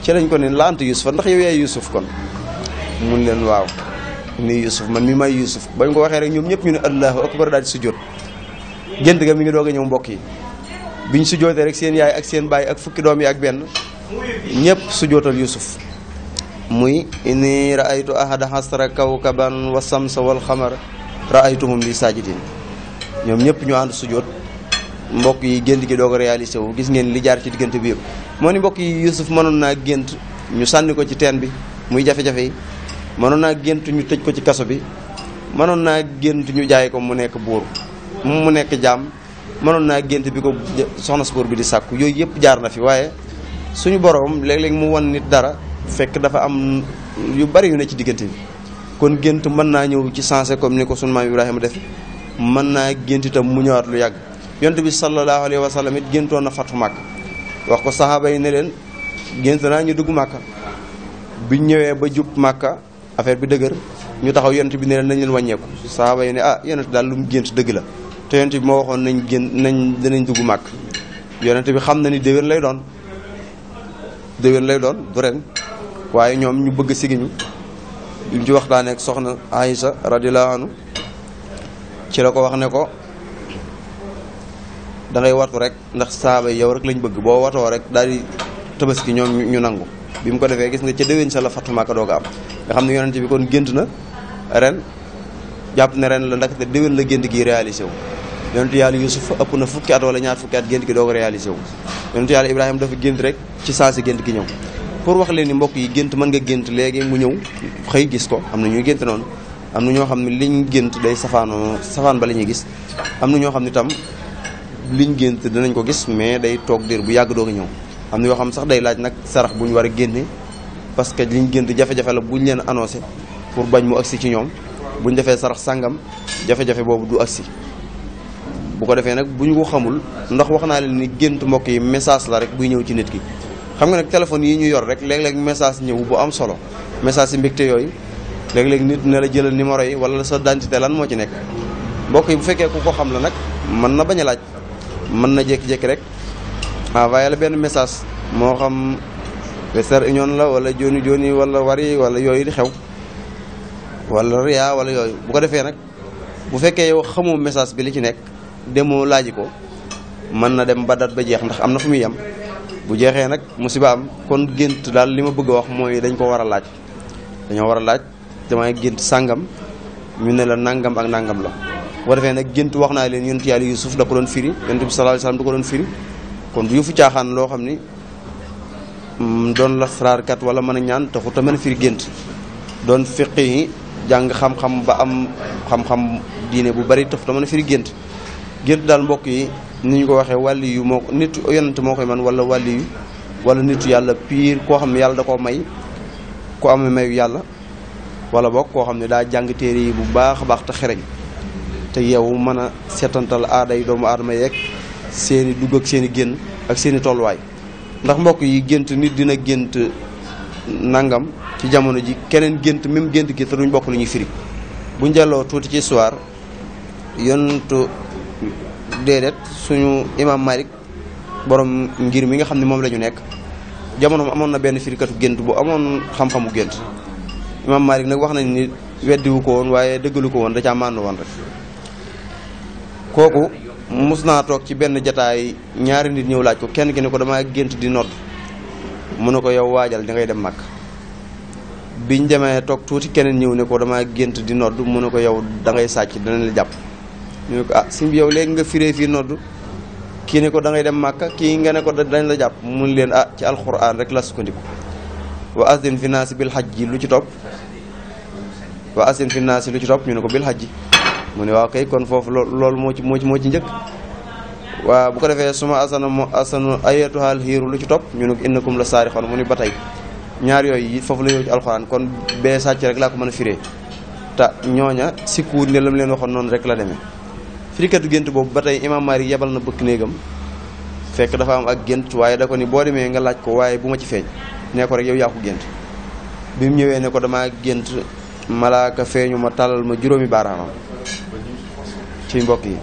ci lañ ko ne la anta yusufa ndax yow yaay yusuf kon mun leen waaw ni yusuf man mi may yusuf bañ ko waxee rek ñoom ñëpp ñu ne allahu akbar daal di sujjóot gént ga mi ngi doog ñëw mbokk yi biñ sujjootee rek seen yaay ak seen baay ak fukki doom yi ak benn ñëpp sujjootal yusuf muy inni raaytu ahada hasra kawkaban wa samsa wal xamar raaytuhum li saajidin ñoom ñëpp ñu ànd sujjoot mbokk yi gént gi doo ko réalisé wu gis ngeen li jaar ci diggante bi yëpp moo ni mbokk yi Yuusuf mënoon naa gént ñu sànni ko ci teen bi muy jafe-jafe yi mënoon naa gént ñu tëj ko ci kaso bi mënoon naa gént ñu jaay ko mu nekk buur mu nekk jaam mënoon naa gént bi ko soxna si bi di sàkku yooyu yëpp jaar na fi waaye suñu boroom léeg-léeg mu wan nit dara fekk dafa am yu bari yu ne ci diggante bi kon gént mën naa ñëw ci sensé comme ni ko sunu maam Ibrahima def mën naa gént itam mu ñëwaat lu yàgg yonent bi sallallahu alayhi wa sallam it géntoon na fatu màkk wax ko saxaaba yi ne leen gént naa ñu dugg màkka biñ ñëwee ba jub màkka affaire bi dëgër ñu taxaw yonent bi ne leen nañ leen wàññeeku saxaaba yi ne ah yonent daal lu gént dëgg la te yonent bi moo waxoon nañ génn nañ dinañ dugg màkk yonent bi xam na ni déwén lay doon déwén lay doon du ren waaye ñoom ñu bëgg sigiñu bi mu ci waxtaanee ak soxna Aïsa radiyallahu anhu ci la ko wax ne ko da ngay watu rek ndax saaba yow rek lañ bëgg boo watoo rek daal di tabaski ñoom ñu nangu bi mu ko defee gis nga ca déwén sa la fatu Màkka doog a am nga xam ne yonent bi kon gént na ren jàpp ne ren la ndax te déwén la gént gi réalisé wu yonentu yàlla Yuusuf ëpp na fukki at wala ñaar fukki gi doog a réalisé wu yonentu yàlla Ibrahima dafa gént rek ci saa si gént gi ñëw pour wax leen ni mbokk yi gént mën nga gént léegi mu ñëw xëy gis ko am na ñuy gént noonu am na ñoo xam ne liñ gént day safaanoo safaan ba la ñuy gis am na ñoo xam ne tam liñ gént dinañ ko gis mais day toog diir bu yàgg doo a ñëw am na yoo xam sax day laaj nag sarax bu ñu war a génne parce que liñ gént jafe-jafe la buñ leen annoncé pour bañ mu agsi ci ñoom buñ defee sarax sàngam jafe-jafe boobu du agsi bu ko defee nag bu ñu ko xamul ndax wax naa leen ni gént mbokk yi message la rek buy ñëw ci nit ki xam nga nag téléphone yi ñu yor rek léeg-léeg message ñëw bu am solo message yi mbégte yooyu léeg-léeg nit ne la jëlal numéro yi wala sa identité lan moo ci nekk mbokk yi bu fekkee ku ko xam la nag mën na bañ a laaj mën na jékki-jékki rek envoyé la benn message moo xam Western Union la wala joni joni wala wari wala yooyu di xew wala ria wala yooyu bu ko defee nag bu fekkee yow xamoo message bi li ci nekk demoo laaj ko mën na dem ba dat ba jeex ndax am na fu muy yem bu jeexee nag musiba am kon gént daal li ma bëgg a wax mooy dañ ko war a laaj dañoo war a laaj damay gént sàngam ñu ne la nangam ak nangam la bu defee nag gént wax naa leen yonent yàlla Yuusuf da ko doon firi yonent bi sallallahu alayhi wasallam da ko doon firi kon du fu caaxaan loo xam ni mm, doon la xaraarkat wala mën a ñaan taxut a a firi gént doon fiqi jàng xam ba am xam diine bu bari taxut a mën a firi gént gént daal mbokk yi ni ñu ko waxee wàlli yu moo nit yonent moo koy man wala wàlli yu wala nitu yàlla piir koo xam ne yàlla da koo may ko amee mayu yàlla wala boog koo xam ne daa jàng téere yi bu baax a baax te xereñ te yow mën a seetantal aada yi doomu aadama yeeg seen i dugg ak seen i génn ak seeni tolluwaay ndax mbokk yi gént nit dina gént nangam ci jamono ji keneen gént même gént gi te duñ bokk lañuy firig bu njalloo tuuti ci soir yonentu déedéet suñu imam Malik borom ngir mi nga xam ne moom lañu nekk jamono amoon na benn firikatu gént bu amoon xam-xamu gént imam Malik nag wax nañ ni weddiwu ko woon waaye dëggalu ko woon da caa màndu woon rek kooku mus naa toog ci benn jataay ñaari nit ñëw laaj ko kenn ki ne ko damaa gént di nodd mu ne ko yow waajal da ngay dem màkk biñ demee toog tuuti keneen ñëw ne ko damaa gént di nodd mu ne ko yow dangay sàcc danañ la jàpp ñu ne ko ah si yow léegi nga firee fii nodd kii ne ko da ngay dem màkk kii nga ne ko dañ la jàpp mun leen ah ci alquran rek la sukkandiku wa asdin fi naasi bil xaj ji lu ci topp wa asdin fi naasi lu ci topp ñu ne ko bil xaj ji mu ne waaw kay kon foofu loolu moo ci moo ci moo ci njëkk waaw bu ko defee suma asana mo asanu ayatuhal xiiru lu ci topp ñu ko innakum la saari xon mu ni ba tey ñaar yooyu it foofu la yow ci kon bee sàcc rek laa ko mën a firee te ñooña sikkuut ne la leen waxoon noonu rek la demee firikatu gént boobu ba tey imaam Maalik yebal na bëkk néegam fekk dafa am ak gént waaye da ko ni boo demee nga laaj ko waaye bu ma ci feeñ nee ko rek yow yaa ko gént bi mu ñëwee ne ko damaa gént malaaka feeñu ma tàllal ma juróomi baaraamam ci mbokk yi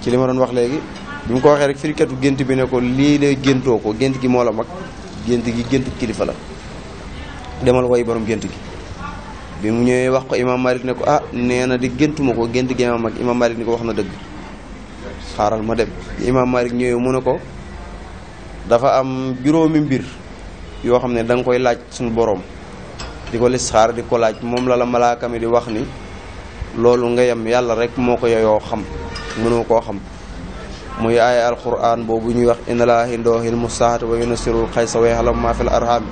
ci li ma doon wax léegi bi mu ko waxee rek firikatu gént bi ne ko lii de géntoo ko gént gi moo la mag gént gi géntu kilifa la demal woy borom gént gi bi mu ñëwee wax ko imam Malik ne ko ah nee na di géntuma ko gént gi ma mag imam Malik ni ko wax na dëgg xaaral ma dem imam Malik ñëwee mu ne ko dafa am juróomi mbir yoo xam ne danga koy laaj suñu boroom di ko lisxaar di ko moom lala la malaaka di wax ni loolu nga yem yàlla rek moo ko yeyoo xam mënoo ko xam muy aaya alquran boobu ñuy wax inna laa hindoohil mustahat wa yunasirul xaysa wa yaxlamu maa fil arham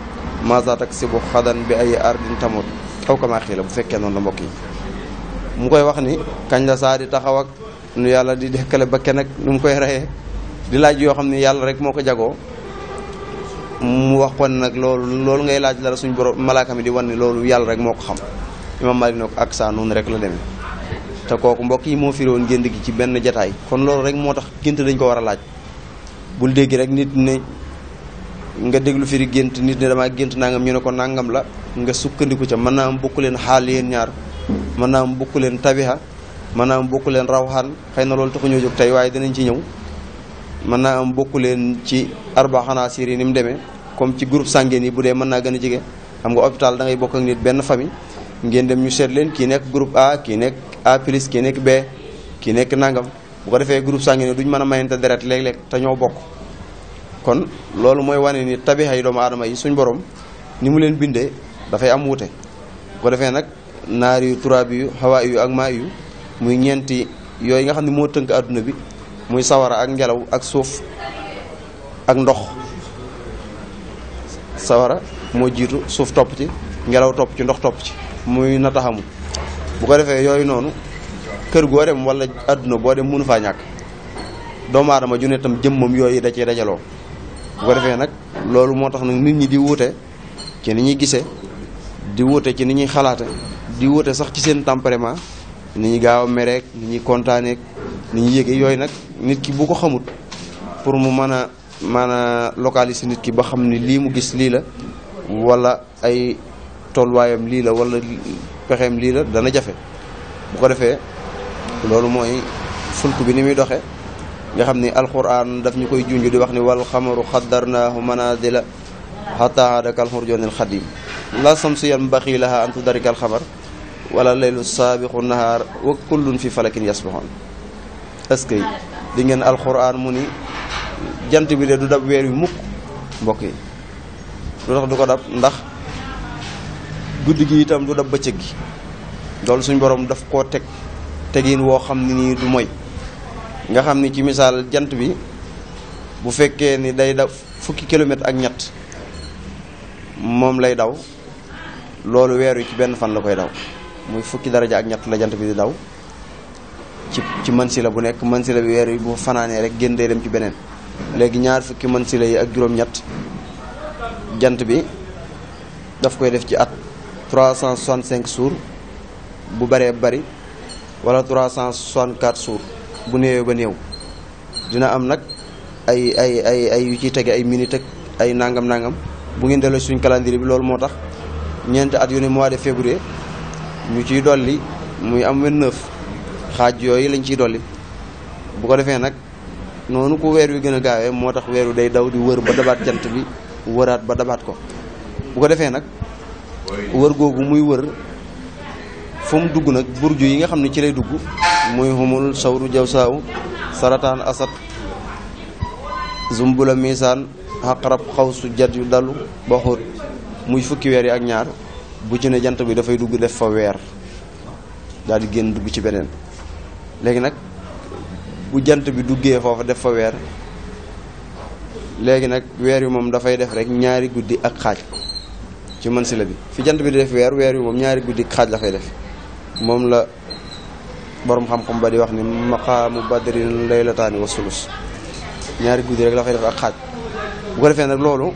maza bi ay ardin tamut aw kama bu fekkee noonu mbokk yi mu koy wax ni kañ la di taxaw nu yàlla di dekkale bakke nag nu koy reyee di laaj yoo xam ni yàlla rek moo ko jagoo mu wax kon nag loolu loolu ngay laaj la suñ borom malaaka di wan ne loolu yàlla rek moo ko xam imaam Maalik ne ko ak saa noonu rek la demee te kooku mbokk yi moo firi woon gént gi ci benn jataay kon loolu rek moo tax gént dañ ko war a laaj bul dégg rek nit ne nga déglu firi gént nit ne damaa gént nangam ñu ne ko nangam la nga sukkandiku ca man naa am bokku leen xaal yéen ñaar mën naa am bokku leen tabiha mën naa am bokku leen rawxaan xëy na loolu taxu ñoo jóg tey waaye dinañ ci ñëw mën naa am bokk leen ci arba xanaa siri ni mu demee comme ci groupe sanguin yi bu dee mën naa gën a jege xam nga hôpital da bokk ak nit benn famille ngeen dem ñu seet leen kii nekk groupe A kii nekk A plus kii nekk B ki nekk nangam bu ko defee groupe sanguin duñ mën a mayante deret léeg-léeg te ñoo bokk kon loolu mooy wane ni tabixa yi doomu aadama yi suñ borom ni mu leen bindee dafay am wute bu ko defee nag naar yu turaab yu xawaa yu ak maa yu muy ñeenti yooyu nga xam ne moo tënk àdduna bi muy sawara ak ngelaw ak suuf ak ndox sawara moo jiitu suuf topp ci ngelaw topp ci ndox topp ci muy nataxamu bu ko defee yooyu noonu kër goo dem wala àdduna boo dem mënu faa ñàkk doomu aadama ju ne tam jëmmam yooyu da cee dajaloo bu ko defee nag loolu moo tax nag nit ñi di wuute ci ni ñuy gisee di wuute ci ni ñuy xalaate di wuute sax ci seen tempérament ni ñu gaaw a mereek ni ñuy kontaaneek ni ñu yëgee yooyu nag nit ki bu ko xamut pour mu mën a mën a localiser nit ki ba xam ne lii mu gis lii la wala ay tolluwaayam lii la walla pexeem lii la dana jafe bu ko defee loolu mooy fulk bi ni muy doxe nga xam ni alquran daf ñu koy junj di wax ni wal xamaru xaddarnaahu manazila xataa hadaka alxurjoonil si la samsiyan baxilaha an tudarika alxamar wala laylu saabiqu nahaar wa kullun fi falakin yasbaxoon est-ce que di ngeen alxuraan mu ni jant bi de du dab weer wi mukk mbokk yi lu tax du ko dab ndax guddi gi itam du dab bëccëg gi loolu suñ borom daf koo teg tegin woo xam ne nii du moy nga xam ni ci misaal jant bi bu fekkee ni day dab fukki kilomètre ak ñett moom lay daw loolu weer wi ci benn fan la koy daw muy fukki daraja ak ñett la jant bi di daw ci ci mansila bu nekk mansila bi weer yi bu fanaanee rek génn day dem ci beneen léegi ñaar fukki mansila yi ak juróom-ñett jant bi daf koy def ci at cent 365 jours bu baree bari wala 364 jours bu néewee ba néew dina am nag ay ay ay ay yu ciy tege ay minute ak ay nangam nangam bu ngeen delloo suñ calendrier bi loolu moo tax ñeenti at yu mois de février ñu ciy dolli muy am 29 xaaj yooyu lañ ciy dolli bu ko defee nag noonu ko weer wi gën a gaawee moo tax weer wi day daw di wër ba dabaat jant bi wëraat ba dabaat ko bu ko defee nag wër googu muy wër fu mu dugg nag burju yi nga xam ne ci lay dugg muy xumul sawru jaw saaw sarataan asat zumbula misaan xaqarab xaw su jat yu dalu ba xóot muy fukki weer yi ak ñaar bu ci jant bi dafay dugg def fa weer daal di génn dugg ci beneen léegi nag bu jant bi duggee foofa def fa weer léegi nag weer yu moom dafay def rek ñaari guddi ak xaaj ci mansila bi fi jant bi di def weer weer wi moom ñaari guddi ak xaaj la fay def moom la borom xam-xam ba di wax ni maqaamu la laylataani wa sulus ñaari guddi rek la fay def ak xaaj bu ko defee nag loolu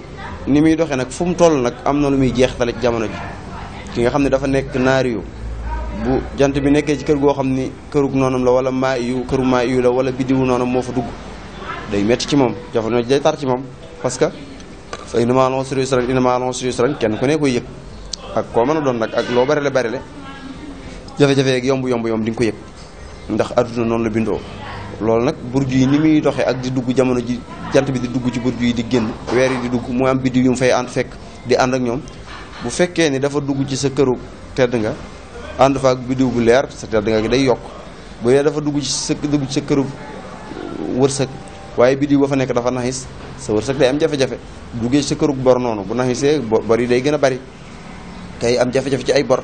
ni muy doxee nag fu mu toll nag am na lu muy jeextale ci jamono ji ki nga xam ne dafa nekk naariyu bu jant bi nekkee ci kër goo xam ni kërug noonu la wala maa yu këru maa yu la wala biddiwu noonam moo fa dugg day métti ci moom jafe na day tar ci moom parce que maa inna ma'al usri yusran inna ma'al usri yusran kenn ku ne koy koo mën a doon nag ak loo bari barile jafe-jafe yeeg yomb yomb yomb di ko yëg ndax adduna noonu la bindoo loolu nag burju yi ni muy doxee ak di dugg jamono ji jant bi di dugg ci burju yi di génn weer yi di dugg mu am biddiw yu mu fay ànd fekk di ànd ak ñoom bu fekkee ni dafa dugg ci sa këru tedd nga ànd faak biddiw bu leer sa tedd nga gi day yokk bu dee dafa dugg ci sa dugg ci sa këru wërsëg waaye biddiw ba fa nekk dafa naxis sa wërsëg day am jafe-jafe duggee sa këru bor noonu bu naxisee bor yi day gën a bari kay am jafe-jafe ci ay bor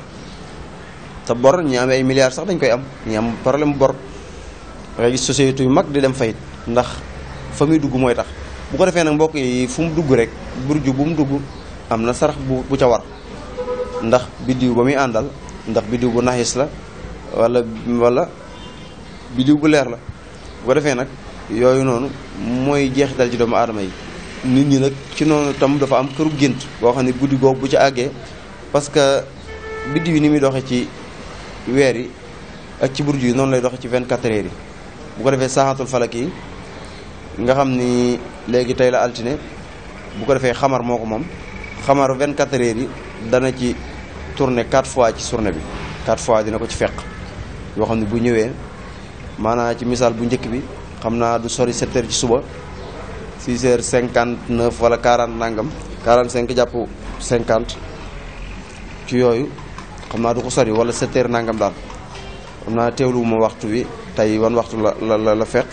sa bor ñi am ay milliards sax dañ koy am ñi am problème bor dangay gis société yu mag di dem fayit ndax fa muy dugg mooy tax bu ko defee nag mbokk yi fu mu dugg rek burju bu mu dugg am na sarax bu bu ca war ndax biddiw ba muy àndal ndax biddiw bu naxis la walla walla biddiw bu leer la bu ko defee nag yooyu noonu mooy jeexital ci doomu aadama yi nit ñi nag ci noonu tam dafa am këru gént boo xam ne guddi googu bu ci àggee parce que biddiw yi ni muy doxee ci weer yi ak ci burju yi noonu lay doxee ci 24 quatre yi bu ko defee saaxaatul falak yi nga xam ni léegi tey la altine bu ko defee xamar moo ko moom xamaru 24 heures yi dana ci tourné 4 fois ci journée bi 4 fois dina ko ci fekk yoo xam ne bu ñëwee maanaa ci misaal bu njëkk bi xam naa du sori 7 ci suba 6 heures 59 wala 40 nangam 45 jàpp 50 ci yooyu xam naa du ko sori wala 7 heures nangam daal xam naa teewlu ma waxtu wi tey wan waxtu la la la la fekk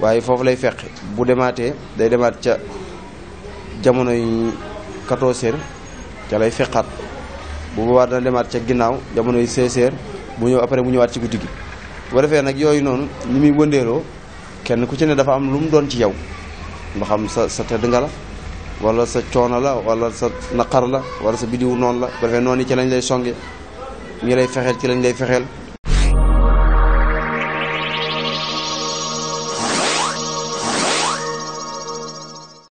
waaye foofu lay fekk bu demaatee day demaat ca jamono yi quatorze heures ca lay feqaat bu boobaa dana demaat ca ginnaaw jamonoy seize heures bu ñëw après bu ñëwaat ci guddi gi bu defee nag yooyu noonu ni muy wëndeeloo kenn ku ci ne dafa am lu mu doon ci yow nga xam sa sa tedd nga la wala sa coono la wala sa naqar la wala sa bidiw noonu la bu defee noonu yi ci lañ lay songe ñi lay fexeel ci lañ lay fexeel